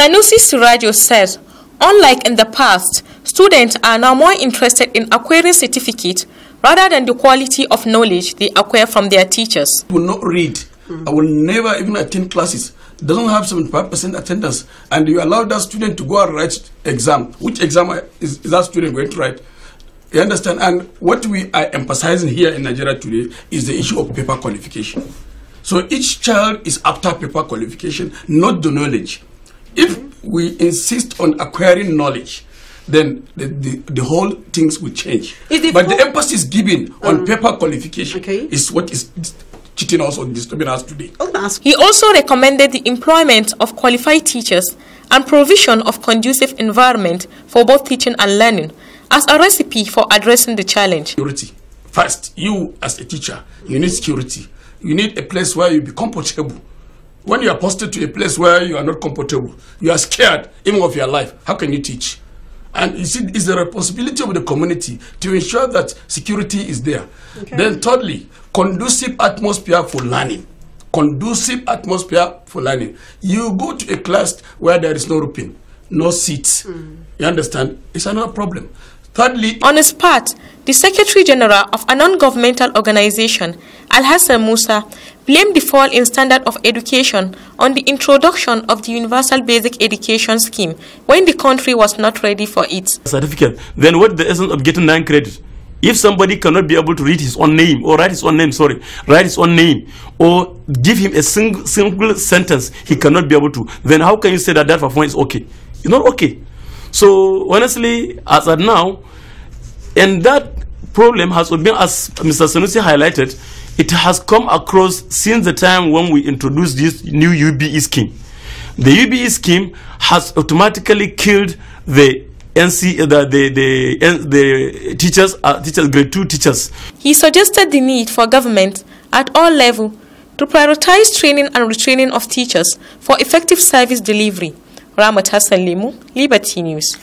Sanusi Surajo says, unlike in the past, students are now more interested in acquiring certificate rather than the quality of knowledge they acquire from their teachers. I will not read. Mm -hmm. I will never even attend classes. Doesn't have 75% attendance. And you allow that student to go and write exam. Which exam is, is that student going to write? You understand? And what we are emphasizing here in Nigeria today is the issue of paper qualification. So each child is after paper qualification, not the knowledge. If we insist on acquiring knowledge, then the, the, the whole things will change. But the emphasis given on mm. paper qualification okay. is what is cheating us or disturbing us today. He also recommended the employment of qualified teachers and provision of conducive environment for both teaching and learning as a recipe for addressing the challenge. Security. First, you as a teacher, you need security. You need a place where you be comfortable when you are posted to a place where you are not comfortable, you are scared even of your life, how can you teach? And you see, it's the responsibility of the community to ensure that security is there. Okay. Then thirdly, conducive atmosphere for learning. Conducive atmosphere for learning. You go to a class where there is no roping, no seats. Mm. You understand? It's another problem. Thirdly, on his part, the Secretary General of a non governmental organization, Al Hassan Musa, blamed the fall in standard of education on the introduction of the universal basic education scheme when the country was not ready for it. Certificate. Then what the essence of getting nine credits? If somebody cannot be able to read his own name or write his own name, sorry, write his own name or give him a single, single sentence he cannot be able to, then how can you say that that performance is okay? It's not okay. So honestly, as of now, and that problem has been, as Mr. Senusi highlighted, it has come across since the time when we introduced this new UBE scheme. The UBE scheme has automatically killed the NC, uh, the, the, the, the teachers, uh, teachers, grade 2 teachers. He suggested the need for government at all level to prioritize training and retraining of teachers for effective service delivery. Ramat Hassan Lemu, Liberty News.